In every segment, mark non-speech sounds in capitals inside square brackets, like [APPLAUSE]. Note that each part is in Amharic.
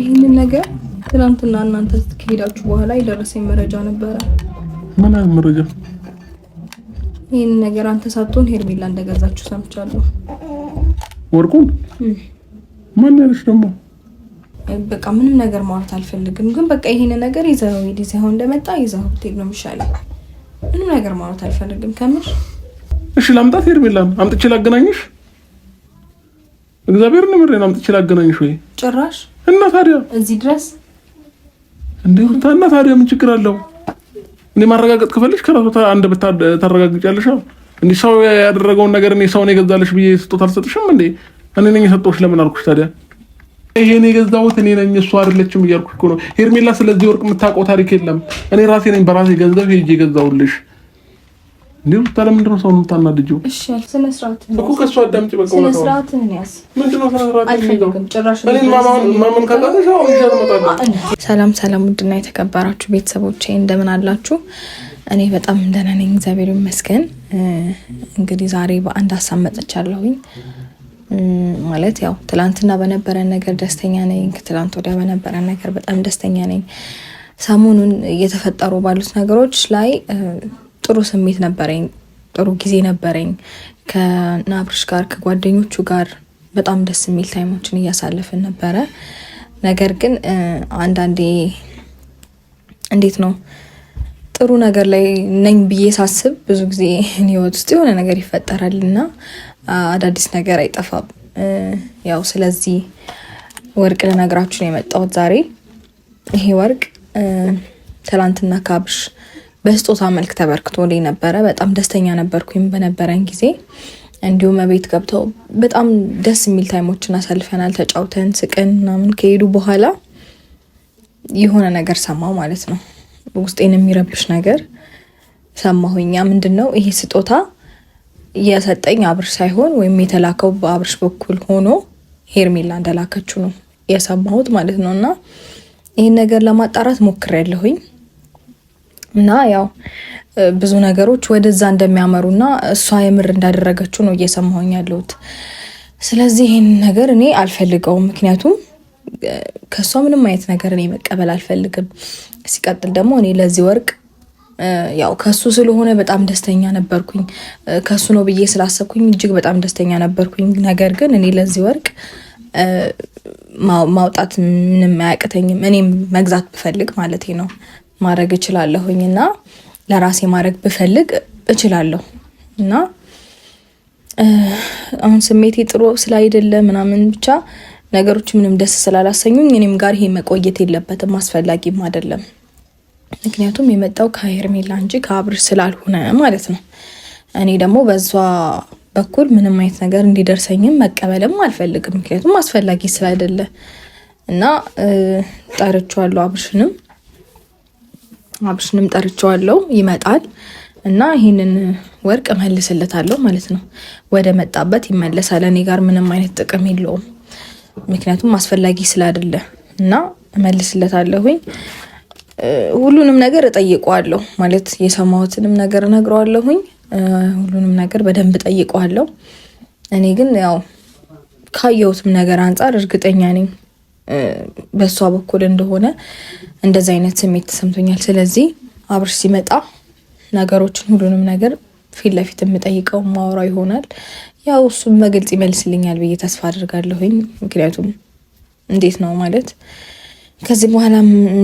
ይህንን ነገር ትናንትና እናንተ ከሄዳችሁ በኋላ የደረሰኝ መረጃ ነበረ። ምን አይነት መረጃ? ይህንን ነገር አንተ ሳትሆን ሄርሜላ እንደገዛችሁ ሰምቻለሁ። ወርቁን ማን ያለሽ ደግሞ? በቃ ምንም ነገር ማውራት አልፈልግም፣ ግን በቃ ይሄን ነገር ይዘኸው ሂድ። ይዘኸው እንደመጣ ይዘኸው ብትሄድ ነው የሚሻለው። ምንም ነገር ማውራት አልፈልግም ከምር። እሺ ላምጣት ሄርሜላን አምጥቼ ላገናኝሽ እግዚአብሔር ነው ምሬ ነው ትችል ወይ ጭራሽ እና ታዲያ እዚህ ድረስ እንዴ ታና ታዲያ ምን ችግር አለው? እኔ ማረጋገጥ ከፈለሽ ከራሱ አንድ ብታረጋግጫለሽ። እንዴ ሰው ያደረገውን ነገር እኔ ሰው ነው ብዬ ስጦታ አልሰጥሽም እንዴ? እኔ ነኝ የሰጠሁሽ ለምን አልኩሽ ታዲያ? ይሄ ነው የገዛሁት እኔ ነኝ እሱ አይደለችም እያልኩሽ እኮ ነው ሄርሜላ። ስለዚህ ወርቅ የምታውቀው ታሪክ የለም። እኔ ራሴ ነኝ በራሴ ገንዘብ ሄጄ የገዛሁልሽ እንዲሁም ታለምንድን ነው ሰው የምታናድጂው? እሺ ስነ ስርዓት እኮ ከእሱ አዳምጪ። በቃ ስነ ስርዓት ሰላም ሰላም፣ ውድና የተከበራችሁ ቤተሰቦቼ እንደምን አላችሁ? እኔ በጣም ደህና ነኝ፣ እግዚአብሔር ይመስገን። እንግዲህ ዛሬ በአንድ ሀሳብ መጥቻለሁኝ። ማለት ያው ትላንትና በነበረን ነገር ደስተኛ ነኝ፣ ከትላንት ወዲያ በነበረን ነገር በጣም ደስተኛ ነኝ። ሰሞኑን እየተፈጠሩ ባሉት ነገሮች ላይ ጥሩ ስሜት ነበረኝ፣ ጥሩ ጊዜ ነበረኝ ከናብርሽ ጋር ከጓደኞቹ ጋር በጣም ደስ የሚል ታይሞችን እያሳለፍን ነበረ። ነገር ግን አንዳንዴ እንዴት ነው ጥሩ ነገር ላይ ነኝ ብዬ ሳስብ ብዙ ጊዜ ህይወት ውስጥ የሆነ ነገር ይፈጠራል እና አዳዲስ ነገር አይጠፋም። ያው ስለዚህ ወርቅ ልነግራችሁ ነው የመጣሁት ዛሬ። ይሄ ወርቅ ትላንትና ካብሽ በስጦታ መልክ ላይ ነበረ። በጣም ደስተኛ ነበርኩኝ በነበረን ጊዜ። እንዲሁም ቤት ገብተው በጣም ደስ የሚል ታይሞችን አሳልፈናል። ተጫውተን ስቅን ምናምን ከሄዱ በኋላ የሆነ ነገር ሰማሁ ማለት ነው። ውስጤን የሚረብሽ ነገር ሰማሁኛ። ምንድን ነው ይሄ ስጦታ የሰጠኝ አብርሽ ሳይሆን ወይም የተላከው በአብርሽ በኩል ሆኖ ሄርሜላ እንደላከችው ነው የሰማሁት ማለት ነው። እና ይህን ነገር ለማጣራት ሞክሬያለሁኝ እና ያው ብዙ ነገሮች ወደዛ እንደሚያመሩና እሷ የምር እንዳደረገችው ነው እየሰማሁኝ ያለሁት። ስለዚህ ይህን ነገር እኔ አልፈልገውም፣ ምክንያቱም ከእሷ ምንም አይነት ነገር እኔ መቀበል አልፈልግም። ሲቀጥል ደግሞ እኔ ለዚህ ወርቅ ያው ከሱ ስለሆነ በጣም ደስተኛ ነበርኩኝ። ከሱ ነው ብዬ ስላሰብኩኝ እጅግ በጣም ደስተኛ ነበርኩኝ። ነገር ግን እኔ ለዚህ ወርቅ ማውጣት ምንም አያቅተኝም። እኔም መግዛት ብፈልግ ማለት ነው ማድረግ እችላለሁኝ እና ለራሴ ማድረግ ብፈልግ እችላለሁ እና አሁን ስሜቴ ጥሩ ስላይደለ ምናምን ብቻ ነገሮች ምንም ደስ ስላላሰኙኝ እኔም ጋር ይሄ መቆየት የለበትም አስፈላጊም አይደለም። ምክንያቱም የመጣው ከሄርሜላ እንጂ ከአብር ስላልሆነ ማለት ነው። እኔ ደግሞ በዛ በኩል ምንም አይነት ነገር እንዲደርሰኝም መቀበልም አልፈልግም፣ ምክንያቱም አስፈላጊ ስላይደለ እና ጠርቼዋለሁ አብርሽንም አብርሽንም ጠርቸዋለው ይመጣል እና ይህንን ወርቅ እመልስለታለሁ ማለት ነው። ወደ መጣበት ይመለሳል። እኔ ጋር ምንም አይነት ጥቅም የለውም፣ ምክንያቱም አስፈላጊ ስላይደለ እና እመልስለታለሁኝ። ሁሉንም ነገር እጠይቀዋለሁ ማለት የሰማሁትንም ነገር እነግረዋለሁኝ። ሁሉንም ነገር በደንብ እጠይቀዋለሁ። እኔ ግን ያው ካየሁትም ነገር አንጻር እርግጠኛ ነኝ በእሷ በኩል እንደሆነ እንደዚህ አይነት ስሜት ተሰምቶኛል። ስለዚህ አብርሽ ሲመጣ ነገሮችን ሁሉንም ነገር ፊት ለፊት የምጠይቀው ማወራው ይሆናል። ያው እሱም በግልጽ ይመልስልኛል ብዬ ተስፋ አድርጋለሁኝ። ምክንያቱም እንዴት ነው ማለት ከዚህ በኋላ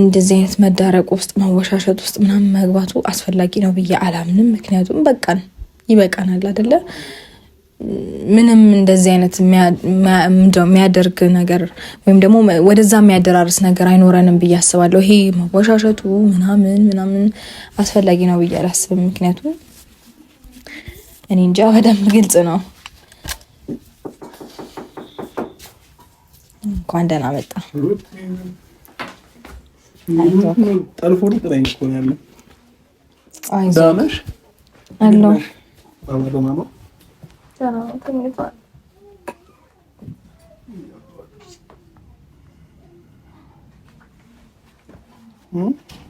እንደዚህ አይነት መዳረቅ ውስጥ መወሻሸት ውስጥ ምናምን መግባቱ አስፈላጊ ነው ብዬ አላምንም። ምክንያቱም በቃን፣ ይበቃናል አደለ ምንም እንደዚህ አይነት የሚያደርግ ነገር ወይም ደግሞ ወደዛ የሚያደራርስ ነገር አይኖረንም ብዬ አስባለሁ። ይሄ መወሻሸቱ ምናምን ምናምን አስፈላጊ ነው ብዬ አላስብም። ምክንያቱም እኔ እንጃ በደንብ ግልጽ ነው። እንኳን ደህና መጣ። ጠልፎ ደህና ነው ተኝቷል።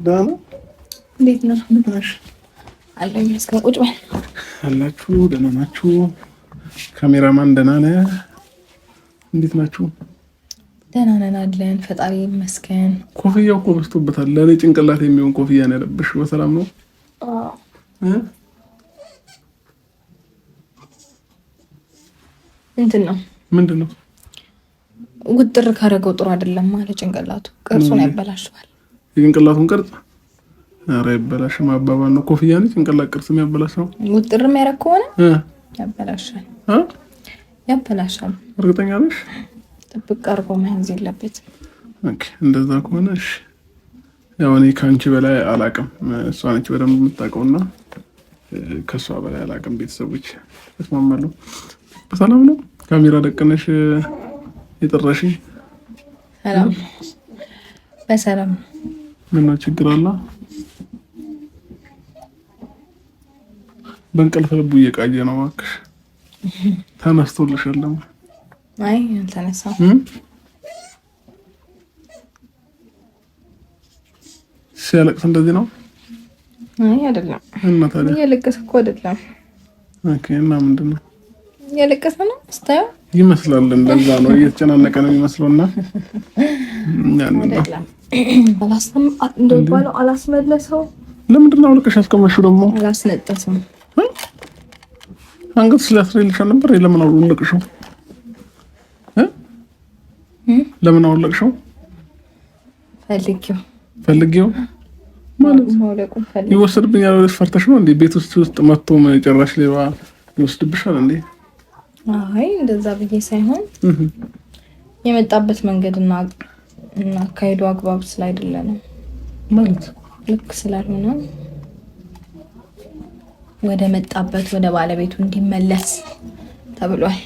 ደህና ነው። እንዴት ነው አለኝ። ቁጭ በል አላችሁ። ደህና ናችሁ? ካሜራማን ደህና ነህ? እንዴት ናችሁ? ደህና ነን አለን፣ ፈጣሪ ይመስገን። ኮፍያው እኮ በዝቶበታል። ለእኔ ጭንቅላት የሚሆን ኮፍያ ነው ያለብሽ። በሰላም ነው? እንትን ነው ምንድን ነው ውጥር ካደረገው ጥሩ አይደለም አለ ጭንቅላቱ ቅርጹን ያበላሸዋል። የጭንቅላቱን ቅርጽ ኧረ አይበላሽም አባባል ነው። ኮፍያ ነው ጭንቅላት ቅርጽ የሚያበላሸው ውጥር የሚያደርግ ከሆነ ያበላሻል ያበላሻል። እርግጠኛ ነሽ? ጥብቅ አድርጎ መያዝ የለበትም። እንደዛ ከሆነ እሺ፣ ያው እኔ ከአንቺ በላይ አላቅም። እሷ ነች በደንብ የምታውቀውና ከእሷ በላይ አላቅም። ቤተሰቦች እስማማለሁ ሰላም ነው። ካሜራ ደቅነሽ የጠራሽ ሰላም በሰላም ምና ችግር አለ? በእንቅልፍ ልቡ እየቃየ ነው። እባክሽ ተነስቶልሻል። አይ አልተነሳም። ሲያለቅስ እንደዚህ ነው? አይ አይደለም። እና ታዲያ እያለቀስ እኮ አይደለም። ኦኬ። እና ምንድን ነው እያለቀሰ ነው ስታየው ይመስላል። እንደዛ ነው እየተጨናነቀ ነው የሚመስለውና እንደሚባለው አላስመለሰው። ለምንድን ነው አውልቀሽ ያስቀመሽው? ደግሞ አላስነጠሰው። አንገት ስላስሬልሻል ነበር። ለምን አውለቅሽው? ለምን አውለቅሽው? ፈልጊው ፈልጊው ማለት ይወሰድብኛል። ፈርተሽ ነው እንዴ? ቤት ውስጥ ውስጥ መጥቶ ጨራሽ ሌባ ይወስድብሻል እንዴ? አይ እንደዛ ብዬ ሳይሆን የመጣበት መንገድና አካሄዱ አግባብ ስለ አይደለንም ማለት ልክ ስላልሆነ ወደ መጣበት ወደ ባለቤቱ እንዲመለስ ተብሏል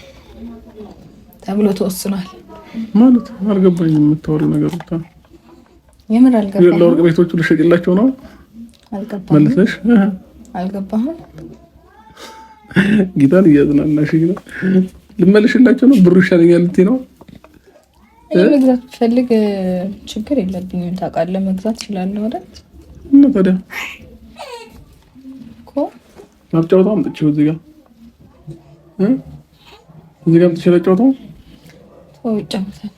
ተብሎ ተወስኗል። ማለት አልገባኝም። የምታወሪ ነገር ብታ የምር አልገባኝም። ለወርቅ ቤቶቹ ልሸጭላቸው ነው። አልገባ መልሰሽ አልገባህም? ጌታን እያዝናናሽኝ ነው። ልመልሽላቸው ነው ብሩ ይሻለኛል ልትይ ነው። መግዛት ፈልግ ችግር የለብኝም ታውቃለህ። መግዛት እችላለሁ አይደል? እና ታዲያ እኮ ማጫወታው አምጥቼው እዚህ ጋር እዚህ ጋር አምጥቼው ላጫወታው ይጫወታል።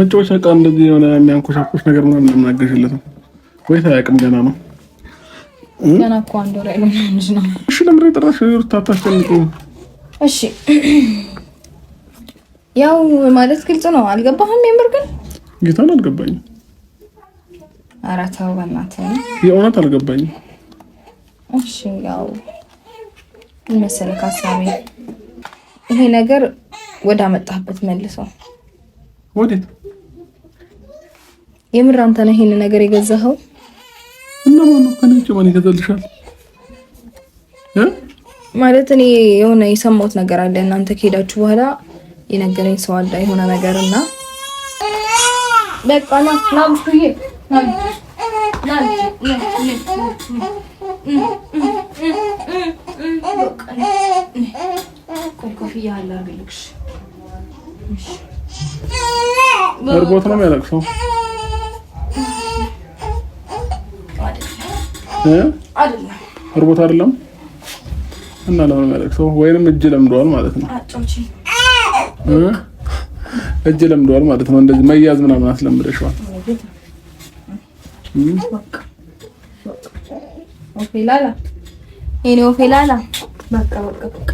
መጫወቻ ዕቃ እንደዚህ የሆነ የሚያንኮሻኮሽ ነገር ምናምን የምናገሽለት ነው ወይ ታያቅም ገና ነው ገና እኮ አንድ ወር ያለው ልጅ ነው። እሺ ለምን የጠራሽ? ሩታ ታስጨንቁ። እሺ ያው ማለት ግልጽ ነው። አልገባህም? የምር ግን ጌታን አልገባኝም። ኧረ ተው በእናትህ የእውነት አልገባኝም። እሺ ያው መሰለህ ሀሳቤ ይሄ ነገር ወደ አመጣህበት መልሰው። ወዴት? የምር አንተ ነህ ይሄን ነገር የገዛኸው? እና ማነው ከኔ ማን ይገዛልሻል? ማለት እኔ የሆነ የሰማሁት ነገር አለ። እናንተ ከሄዳችሁ በኋላ የነገረኝ ሰው አለ የሆነ ነገር እና በቃ ና ነው የሚያለቅሰው እርቦት አይደለም እና ለምን ማለት ሰው ወይንም እጅ ለምደዋል ማለት ነው። እጅ ለምደዋል ማለት ነው። እንደዚህ መያዝ ምናምን አስለምደሽዋል። ኦፌላላ ኦፌላላ በቃ በቃ በቃ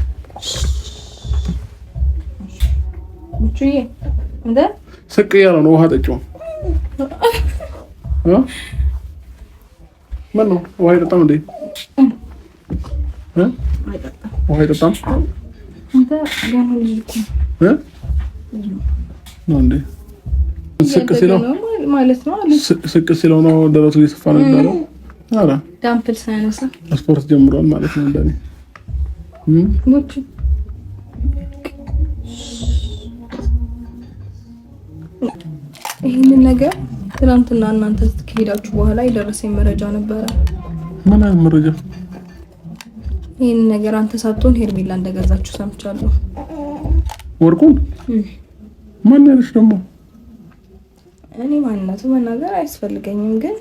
ስቅ እያለ ነው ውሃ ጠጪው ምን ነው ውሃ አይጠጣም እንዴ? ውሃ አይጠጣም እንዴ? ስቅ ሲለው ስቅ ሲለው ነው ደረቱ እየሰፋ ነው የሚባለው። ኧረ ዳምፕል ሳይነሳ ስፖርት ጀምሯል ማለት ነው እንደኔ ይህንን ነገር ትናንትና እናንተ ከሄዳችሁ በኋላ የደረሰኝ መረጃ ነበረ። ምን አይነት መረጃ? ይህን ነገር አንተ ሳትሆን ሄርሜላ እንደገዛችሁ ሰምቻለሁ። ወርቁን ማን ያለሽ ደግሞ? እኔ ማንነቱ መናገር አያስፈልገኝም፣ ግን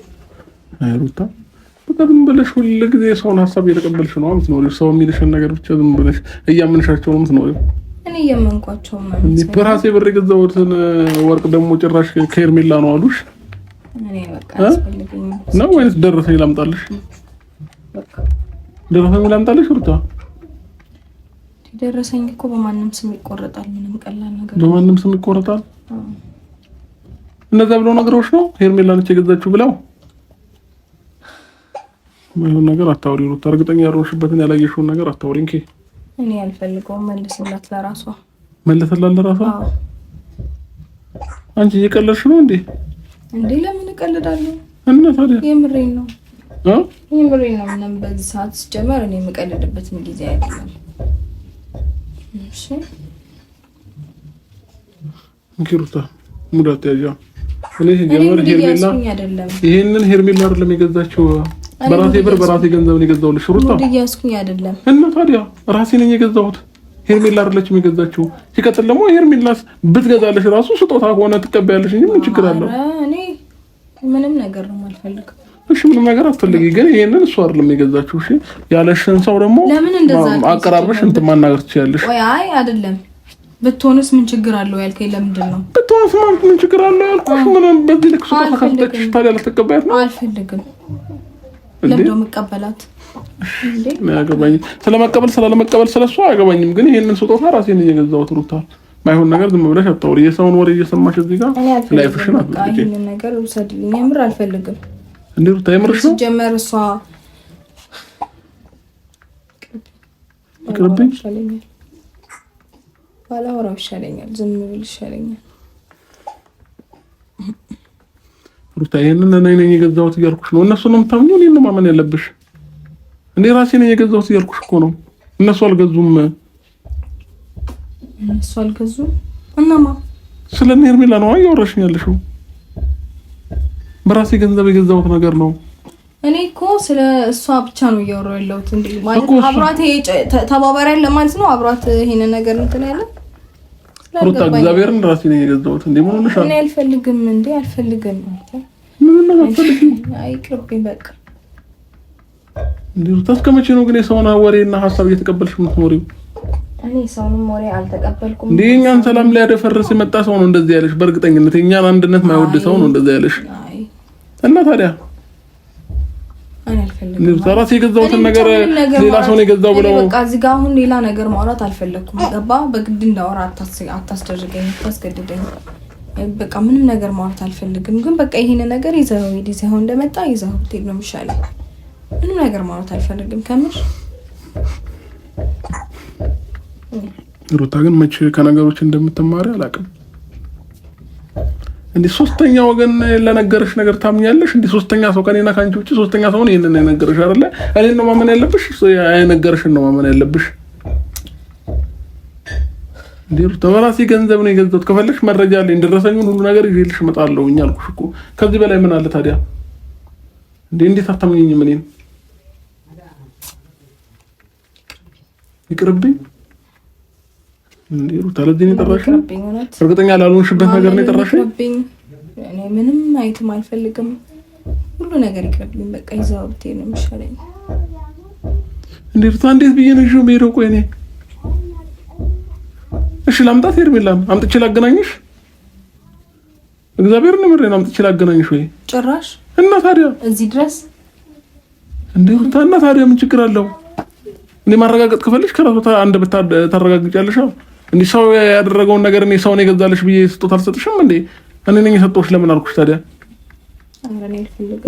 አይሩታ በቃ ዝም ብለሽ ሁል ጊዜ ሰውን ሀሳብ እየተቀበልሽ ነው የምትኖሪው። ሰው የሚልሽን ነገር ብቻ ዝም ብለሽ እያመንሻቸው ነው የምትኖሪው። እኔ እያመንኳቸው በራሴ ብር የገዛሁትን ወርቅ ደግሞ ጭራሽ ከሄርሜላ ነው አሉሽ። ነው ወይስ ደረሰኝ ላምጣልሽ? ደረሰኝ ላምጣልሽ? ሩታ ደረሰኝ እኮ በማንም ስም ይቆረጣል። ምንም ቀላል ነገር በማንም ስም ይቆረጣል። እነዛ ብለው ነገሮች ነው ሄርሜላ ነች የገዛችሁ ብለው ምንም ነገር አታውሪ ሩታ። እርግጠኛ ያልሆንሽበትን ያላየሽውን ነገር አታውሪ። እንኪ እኔ አልፈልገውም። መልስላት ለራሷ መልስላት ለራሷ። አንቺ እየቀለድሽ ነው እንዴ? እንዴ ለምን እቀልዳለሁ? እና ታዲያ የምሬን ነው የምሬን ነው። ምንም በዚህ ሰዓት ስጀመር እኔ የምቀልድበትን ጊዜ አይደለም። እሺ ኪሩታ ሙድ አትያዣ። እኔ ጀመር ሄርሜላ ይሄንን ሄርሜላ አይደለም የገዛችው በራሴ ብር በራሴ ገንዘብ ነው የገዛሁልሽ ሩታ። ሙድ እያስኩኝ አይደለም። እና ታዲያ ራሴ ነኝ የገዛሁት። ሄርሜላ አይደለችም የገዛችው። ሲቀጥል ደግሞ ሄርሜላስ ብትገዛለሽ ራሱ ስጦታ ከሆነ ትቀበያለሽ እንጂ ምን ችግር አለው? ምንም ነገር ነው የማልፈልግ። እሺ ምንም ነገር አትፈልጊ፣ ግን ይሄንን እሱ አይደለም የገዛችው። እሺ ያለሽን ሰው ደግሞ አቀራርበሽ እንትን ማናገር ትችያለሽ። አይ አይደለም ብትሆንስ ምን ችግር አለው ያልከኝ ለምንድን ነው? ብትሆንስ ማለት ምን ችግር አለው ያልኩሽ። ምንም በዚህ ልክ ሱ ካልተቀበልሽ ታዲያ ልትቀበያት ነው? አልፈልግም። ለምዶ መቀበላት ስለመቀበል ስላለመቀበል ስለሱ አያገባኝም። ግን ይሄንን ስጦታ ራሴን እየገዛሁት ሩታል ማይሆን ነገር ዝም ብለሽ አታውሪ። የሰውን ወሬ እየሰማሽ እዚህ ጋር ላይፍሽን አትበቂ። ይህንን ነገር ውሰድልኝ፣ የምር አልፈልግም። እንዴ ታይምርሽ ነው? ጀመር እሷ ቅርብኝ ባላወራው ይሻለኛል፣ ዝም ብል ይሻለኛል። ሩታ ይህንን እኔ ነኝ የገዛሁት እያልኩሽ ነው። እነሱ ነው የምታምኘው፣ እኔን ነው ማመን ያለብሽ። እኔ ራሴ ነኝ የገዛሁት እያልኩሽ እኮ ነው። እነሱ አልገዙም። እሱ አልገዙም። እናማ ስለ ሄርሜላ ነው እያወራሽኝ ያለሽው? በራሴ ገንዘብ የገዛሁት ነገር ነው። እኔ እኮ ስለ እሷ ብቻ ነው እያወራሁ ያለሁት። እንዴ ማለት አብሯት ተባባሪ ያለ ማለት ነው። አብሯት ይሄን ነገር እንትን ያለ ሩታ፣ እግዚአብሔርን ራሴ ነው የገዛሁት። እንዴ ምን ሆነሻል? እኔ አልፈልግም። እንዴ አልፈልግም ማለት ምን ነው አልፈልግም። አይቅርብኝ በቃ። እንዴ ሩታ፣ እስከ ነው ግን የሰውን ወሬና ሀሳብ እየተቀበልሽ የምትኖሪው? እኔ ሰውንም ወሬ አልተቀበልኩም። እንደ የእኛን ሰላም ሊያደፈርስ የመጣ ሰው ነው እንደዚህ ያለሽ። በእርግጠኝነት የእኛን አንድነት ማይወድ ሰው ነው እንደዚህ ያለሽ። እና ታዲያ ራሴ የገዛሁትን ነገር ሌላ ሰው ነው የገዛው ብለው በቃ እዚህ ጋር አሁን ሌላ ነገር ማውራት አልፈለግኩም። ገባ? በግድ እንዳወራ አታስደርገኝ፣ አታስገድደኝ። በቃ ምንም ነገር ማውራት አልፈልግም። ግን በቃ ይሄን ነገር ይዘኸው ሂድ፣ ይዘኸው እንደመጣ ይዘኸው ብትሄድ ነው የሚሻለው። ምንም ነገር ማውራት አልፈልግም ከምር ሩታ ግን መቼ ከነገሮች እንደምትማሪ አላውቅም። እንዲህ ሶስተኛ ወገን ለነገረሽ ነገር ታምኛለሽ? እንዲህ ሶስተኛ ሰው ከኔና ከአንቺ ውጭ ሶስተኛ ሰውን ይህንን የነገረሽ አይደለ? እኔን ነው ማመን ያለብሽ፣ የነገረሽን ነው ማመን ያለብሽ። እንዲህ ሩታ በራሴ ገንዘብ ነው የገዛሁት፣ ከፈለግሽ መረጃ አለኝ፣ ደረሰኝን ሁሉ ነገር ይዤልሽ እመጣለሁ አልኩሽ እኮ። ከዚህ በላይ ምን አለ ታዲያ? እንዴ እንዴት አታምኘኝም? እኔን ይቅርብኝ። ሩታ ለዚህ ነው የጠራሽው? እርግጠኛ ላልሆንሽበት ነገር ነው የጠራሽው? እኔ ምንም አይትም አልፈልግም። ሁሉ ነገር ይቅርብኝ። በቃ ይዛው ብትሄድ ነው የሚሻለኝ። እንዴ ሩታ፣ እንዴት ብዬ ነው ይዤው የምሄደው? ቆይ እኔ እሺ ላምጣት ሄርሜላን አምጥቼ ላገናኝሽ? እግዚአብሔር ነው ምሬን አምጥቼ ላገናኝሽ ወይ? ጭራሽ እና ታዲያ እዚህ ድረስ እንዴ ሩታ፣ እና ታዲያ ምን ችግር አለው? እኔ ማረጋገጥ ከፈለሽ ከራሷ አንድ ብታረጋግጫለሽ። እንዲህ ሰው ያደረገውን ነገር እኔ ሰውን የገዛልሽ ብዬ ስጦት አልሰጥሽም እንዴ? እኔ ነኝ የሰጠሁሽ። ለምን አልኩሽ ታዲያ?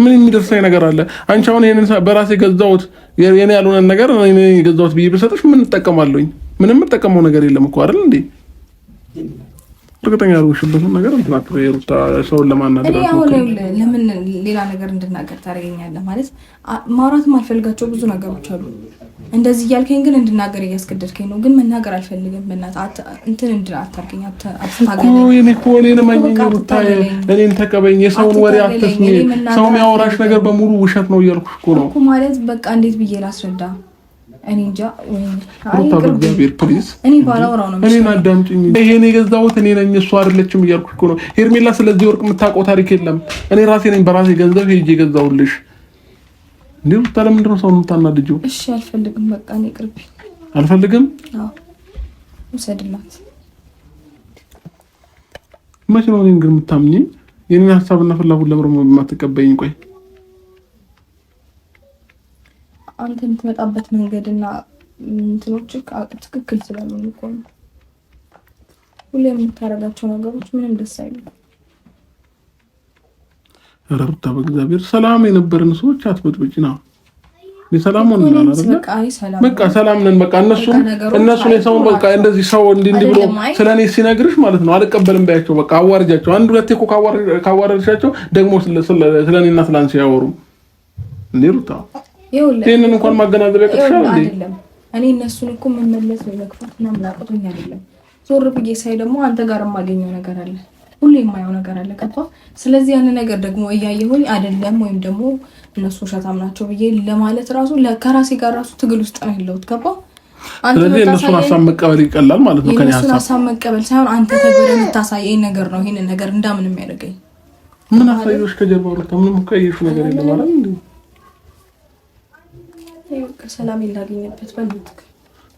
ምን የሚደርሰኝ ነገር አለ? አንቺ አሁን ይሄንን በራሴ የገዛሁት የኔ ያልሆነ ነገር እኔ የገዛሁት ብዬ ብሰጥሽ ምን እጠቀማለሁኝ? ምንም የምጠቀመው ነገር የለም እኮ አይደል እንዴ? እርግጠኛ ያልሆንሽበትን ነገር ሩታ ሰውን ለማናደር ለምን ሌላ ነገር እንድናገር ታደርገኛለህ? ማለት ማውራትም አልፈልጋቸው ብዙ ነገሮች አሉ እንደዚህ እያልከኝ ግን እንድናገር እያስገደድከኝ ነው። ግን መናገር አልፈልግም። በእናትህ እንትን እንድን አታርገኝ። እኔን ተቀበኝ። የሰውን ወሬ አትስሚ። ሰው የሚያወራሽ ነገር በሙሉ ውሸት ነው እያልኩሽ እኮ ነው ማለት። በቃ እንዴት ብዬ ላስረዳ? እኔ እንጃ። እግዚአብሔር ፕሊዝ፣ እኔ ባላወራው ነው። እኔን አዳምጪኝ። ይሄን የገዛሁት እኔ ነኝ፣ እሱ አይደለችም እያልኩሽ እኮ ነው ሄርሜላ። ስለዚህ ወርቅ የምታውቀው ታሪክ የለም። እኔ ራሴ ነኝ በራሴ ገንዘብ ሄጄ የገዛሁልሽ እንዲሁም ታለምንድን ነው ሰው የምታናድጂው? እሺ አልፈልግም። በቃ እኔ ቅርብ አልፈልግም። አዎ ውሰድላት። መቼ ነው እኔን ግን የምታምኚኝ? የኔን ሀሳብና ፍላጎት ለምሮ የማትቀበይኝ? ቆይ አንተ የምትመጣበት መንገድና እንትኖች ትክክል ስላልሆኑ እኮ ነው ሁሌ የምታደርጋቸው ነገሮች ምንም ደስ አይሉም። ኧረ በእግዚአብሔር ሰላም የነበረን ሰዎች አትበጥብጭ አትበጥብጭና። ሰላም ሆን በቃ ሰላም ነን። በቃ እነሱ እነሱን የሰውን በቃ እንደዚህ ሰው እንዲህ እንዲህ ብሎ ስለ ሲነግርሽ ማለት ነው አልቀበልም ባያቸው። በቃ አዋርጃቸው። አንድ ሁለት እኮ ካዋረድሻቸው ደግሞ ስለ እኔና ስለ አንቺ እንዴ ሩታ ይህንን እንኳን ማገናዘብ ያቅትሻል እንዴ? እኔ እነሱን እኮ መመለስ ወይ መግፋት ምናምን አቅቶኝ አይደለም። ዞር ብዬ ሳይ ደግሞ አንተ ጋር የማገኘው ነገር አለ ሁሌ የማየው ነገር አለ። ቀጥታ ስለዚህ ያን ነገር ደግሞ እያየሁኝ አይደለም ወይም ደግሞ እነሱ ውሸታም ናቸው ብዬ ለማለት ራሱ ከራሴ ጋር ራሱ ትግል ውስጥ ነው ያለሁት። ገባ? ስለዚህ እነሱን ሀሳብ መቀበል ይቀላል ማለት ነው። የእነሱን ሀሳብ መቀበል ሳይሆን አንተ ተግበር የምታሳየኝ ነገር ነው ይህንን ነገር እንዳምን የሚያደርገኝ። ምን አሳየሽ? ከጀርባ ሁለት ምንም እኮ ያየሽው ነገር የለም ማለት ሰላም ላገኘበት በሉት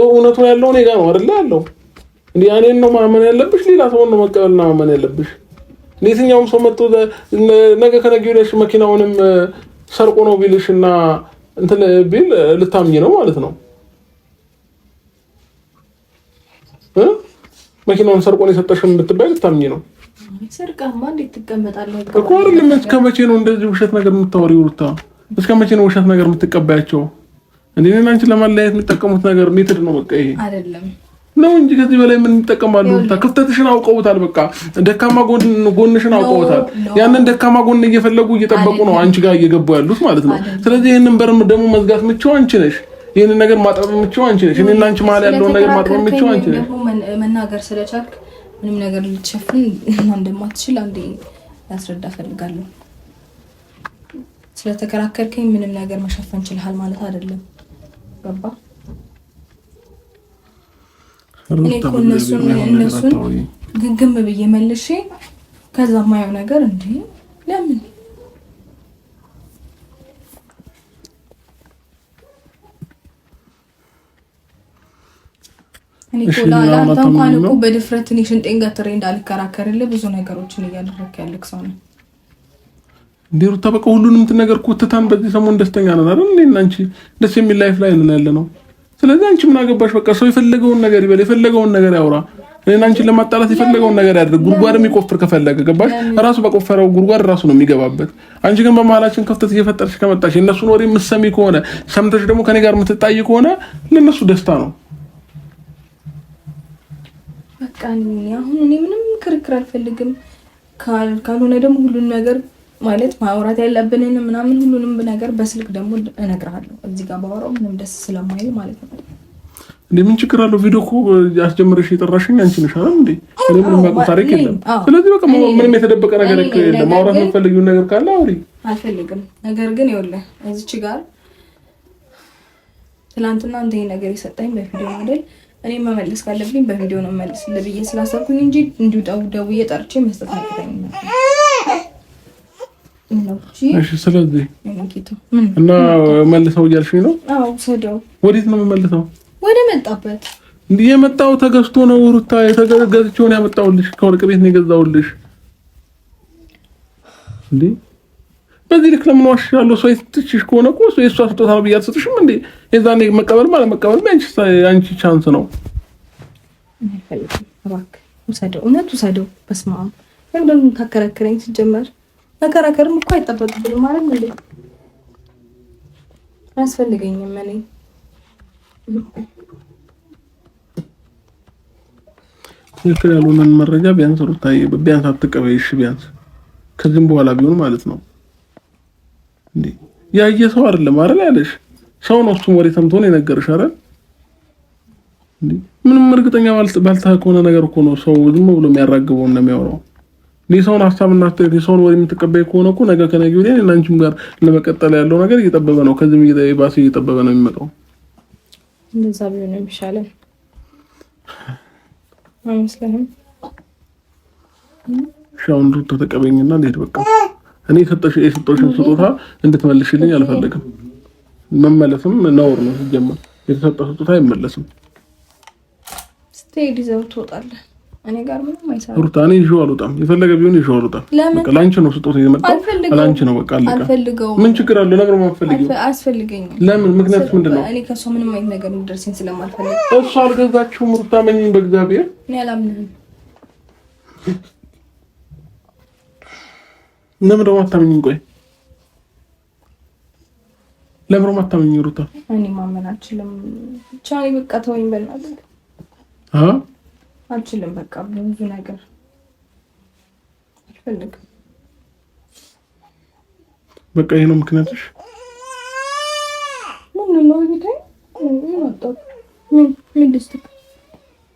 እውነቱ ያለው እኔ ጋር ነው አይደለ? ያለው እንዴ እኔን ነው ማመን ያለብሽ፣ ሌላ ሰውን ነው መቀበልና ማመን ያለብሽ። የትኛውም ሰው መጥቶ ነገ ከነገ ወዲያ መኪናውንም ሰርቆ ነው ቢልሽ እና እንትን ቢል ልታምኝ ነው ማለት ነው። እ መኪናውን ሰርቆ ነው የሰጠሽም ብትባይ ልታምኝ ነው። ሰርቃማ እንዴት ትቀመጣለህ እኮ አይደለም። እስከ መቼ ነው እንደዚህ ውሸት ነገር የምታወሪው? እስከ መቼ ነው ውሸት ነገር የምትቀበያቸው? እንዴ እኔና አንቺ ለማለያየት የሚጠቀሙት ነገር ሜትድ ነው። በቃ ይሄ አይደለም ነው እንጂ ከዚህ በላይ ምን ይጠቀማሉ? ክፍተትሽን አውቀውታል። በቃ ደካማ ጎንሽን አውቀውታል። ያንን ደካማ ጎን እየፈለጉ እየጠበቁ ነው አንቺ ጋር እየገቡ ያሉት ማለት ነው። ስለዚህ ይህንን በር ደግሞ መዝጋት ምቸው አንቺ ነሽ። ይህንን ነገር ማጥበብ ምቸው አንቺ ነሽ። እኔና አንቺ መሀል ያለውን ነገር ማጥበብ ምቸው አንቺ ነሽ። መናገር ስለቻልክ ምንም ነገር ልትሸፍን [LAUGHS] እንደማትችል አንዴ ያስረዳ ፈልጋለሁ። ስለተከራከርከኝ ምንም ነገር መሸፈን ችልሃል ማለት አይደለም። ገባ። እኔ እኮ እነሱን እነሱን ግግም ብዬ መልሼ ከዛ ማየው ነገር እንዲ ለምን እኔ እንኳን እኮ በድፍረት እኔ ሽንጤን ገትሬ እንዳልከራከርልህ ብዙ ነገሮችን እያደረክ ያለክ ሰው ነው። እንዴሩታ በቃ ሁሉንም ትነገር ኩትታን በዚህ ሰሞን ደስተኛ ነን አይደል? እኔ እና አንቺ ደስ የሚል ላይፍ ላይ ነን ያለ ነው። ስለዚህ አንቺ ምን አገባሽ? በቃ ሰው የፈለገውን ነገር ይበል፣ የፈለገውን ነገር ያውራ። እኔና አንቺን ለማጣላት የፈለገውን ነገር ያድርግ። ጉድጓድ የሚቆፍር ከፈለገ ገባሽ? ራሱ በቆፈረው ጉድጓድ ራሱ ነው የሚገባበት። አንቺ ግን በመሀላችን ክፍተት እየፈጠርሽ ከመጣሽ የእነሱን ወሬ የምትሰሚ ከሆነ ሰምተሽ ደግሞ ከኔ ጋር የምትጣይ ከሆነ ለእነሱ ደስታ ነው። በቃ አሁን እኔ ምንም ክርክር አልፈልግም። ካልሆነ ደግሞ ሁሉን ነገር ማለት ማውራት ያለብንን ምናምን ሁሉንም ነገር በስልክ ደግሞ እነግርሃለሁ። እዚህ ጋር ባወራው ምንም ደስ ስለማይል ማለት ነው። እንዴ ምን ችግር አለው? ቪዲዮ እኮ አስጀምረሽ የጠራሽኝ አንቺ ነሽ አይደል እንዴ? እኔ ምንም ማውቀው ታሪክ የለም። ስለዚህ በቃ ምንም የተደበቀ ነገር የለም። ማውራት የምትፈልጊውን ነገር ካለ አውሪ። አልፈልግም። ነገር ግን ይኸውልህ እዚች ጋር ትላንትና እንደ ነገር የሰጠኝ በቪዲዮ አይደል? እኔ መመለስ ካለብኝ በቪዲዮ ነው መለስ ለብዬ ስላሰብኩኝ እንጂ እንዲሁ ደውዬ ጠርቼ መስጠት አልኩኝ። እሺ ስለዚህ እና መልሰው እያልሽኝ ነው? ወዴት ነው የምመልሰው? ወደ መጣበት የመጣው ተገዝቶ ነው ሩታ፣ የተገዝቼውን ያመጣውልሽ ከወርቅ ቤት ነው የገዛውልሽ። እንዴ በዚህ ልክ ለምን ዋሽሻለሁ? እሷ የሰጠችሽ ከሆነ እኮ የእሷ ስጦታ ነው ብዬ አልሰጥሽም እንዴ? የዛኔ መቀበልም አለመቀበልም አንቺ ቻንስ ነው። እባክህ ውሰደው፣ እውነት ውሰደው። በስመ አብ ለምን ታከራክረኝ? ሲጀመር መከራከርም እኮ አይጠበቅብንም ማለት እንዴ? አያስፈልገኝም እኔ ትክክል ያልሆነን መረጃ ቢያንስ ሩታዬ ቢያንስ አትቀበይ። እሺ ቢያንስ ከዚህም በኋላ ቢሆን ማለት ነው እንዴ ያየ ሰው አይደለም አይደል ያለሽ ሰው ነው። እሱም ወሬ ሰምቶ ነው የነገርሽ አይደል? ምንም እርግጠኛ ባልታ ከሆነ ነገር እኮ ነው ሰው ዝም ብሎ የሚያራግበው እና የሚያወራው የሰውን ሀሳብና የሰውን ወሬ የምትቀበይ ከሆነ እኮ ነገ ከነገ ወዲያ እናንቺም ጋር ለመቀጠል ያለው ነገር እየጠበበ ነው። ከዚህም ባሰ እየጠበበ ነው የሚመጣው። እንደዛ ቢሆን ነው የሚሻለን ሻውን ዱ ተቀበኝና ልሄድ በቃ። እኔ የሰጠሽ የሰጠሽን ስጦታ እንድትመልሽልኝ አልፈልግም። መመለስም ነውር ነው ሲጀመር። የተሰጠ ስጦታ አይመለስም። ስትሄድ ይዘው ትወጣለን። እኔ ጋር ሩታ እኔ ይዤው አልወጣም፣ የፈለገ ቢሆን ይዤው አልወጣም። በቃ ላንቺ ነው ስጦታ የመጣው ላንቺ ነው። በቃ አለቀ። ምን ችግር አለው? ነገር ማፈልገው ለምን? ምክንያቱም ምንድን ነው እኔ ከእሷ ምንም አይነት ነገር እንደርሰኝ ስለማልፈልግ እሷ አልገዛችሁም። ሩታ መኝኝ በእግዚአብሔር እኔ አላምንም። ለምን ደግሞ አታምኝም? ቆይ ለምን ደግሞ አታምኝም? ሩታ እኔ ማመን አልችልም። ብቻ በቃ ተወኝ በእናትህ አልችልም። በቃ ብዙ ነገር አልፈልግም። በቃ ይሄ ነው ምክንያትሽ? ምን ነው ይሄ? ምን ምን ድስት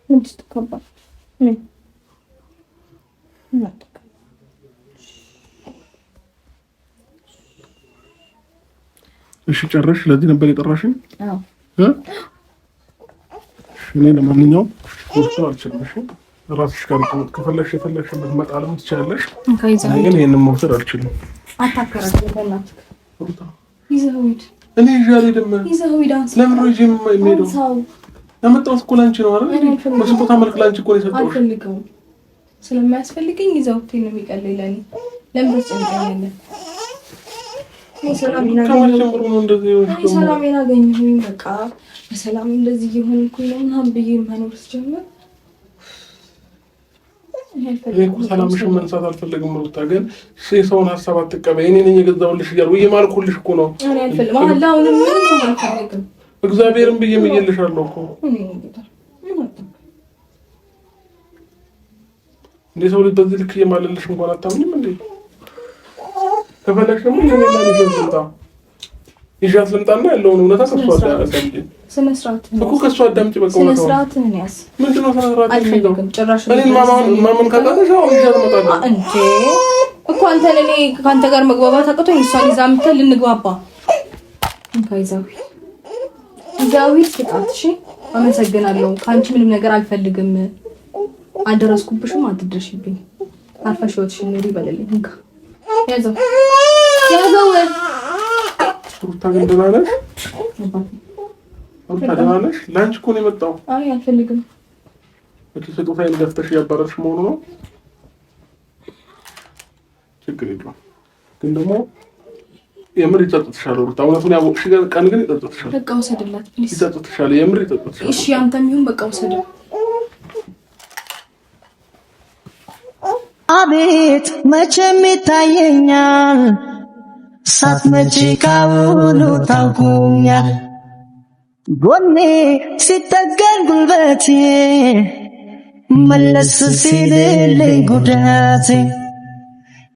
ምን ድስት ከባድ ምን እሺ፣ ጨረሽ? ለዚህ ነበር የጠራሽኝ? አዎ እኔ ለማንኛውም ወርሶ አልችልሽም። ራስሽ ጋር ትሞት ከፈለሽ የፈለሽበት መጣልም ትችላለሽ። ግን ይህንን መውሰድ አልችልም። እኔ እኮ ላንቺ ነው አይደል? በስጦታ መልክ ላንቺ እኮ ስለማያስፈልገኝ ይዘውት ነው የሚቀልለኝ። ለምን ሰላሜን አገኘሁኝ። በቃ በሰላም እንደዚህ እየሆንኩኝ ነው ምናምን ብዬ መኖር ስጀምር ሰላምሽን መንሳት አልፈለግም። ሩታ ግን የሰውን ሀሳብ አትቀበይ፣ እኔ ነኝ የገዛሁልሽ እያልኩ እየማልኩልሽ እኮ ነው። እግዚአብሔርን ብዬ ምዬልሻለሁ እኮ እንደ ሰው ልጅ በዚህ ልክ እየማለልሽ እንኳን አታምንም እንዴ? ከፈለግሽ ደግሞ የኔና ልጅ ልምጣ ይዣት ልምጣና ያለውን እውነታ ከሱ አዳምጪ እኮ ከሱ አዳምጪ። በቃ ነው ያስ ምንድን ነው ስነ ስርዓት ጭራሽ ከአንተ ጋር መግባባት አቅቶ እሷን ይዛ ልንግባባ እሺ። አመሰግናለሁ። ከአንቺ ምንም ነገር አልፈልግም። አደረስኩብሽም አትደርሽብኝ። አርፈሽ ወጥሽ ኑሪ በለልኝ እንካ ያዘው ያዘው። ለአንቺ እኮ ነው የመጣው። አይ አልፈልግም። እቺ ስጦታዬን ደፍተሽ እያባረርሽ መሆኑ ነው። ችግር የለውም ግን ደግሞ የምር ይጸጥትሻል ሩታ። እውነቱን ያወቅሽ ቀን ግን ይጸጥትሻል። በቃ ውሰድላት ፕሊዝ። ይጸጥትሻል፣ የምር ይጸጥትሻል። እሺ አንተም ይሁን በቃ ውሰድላት አቤት መቼም ይታየኛል ሳትመጪ ካሁኑ ታውቁኛል ጎኔ ሲጠገን ጉልበቴ መለስ ሲልልኝ ጉዳቴ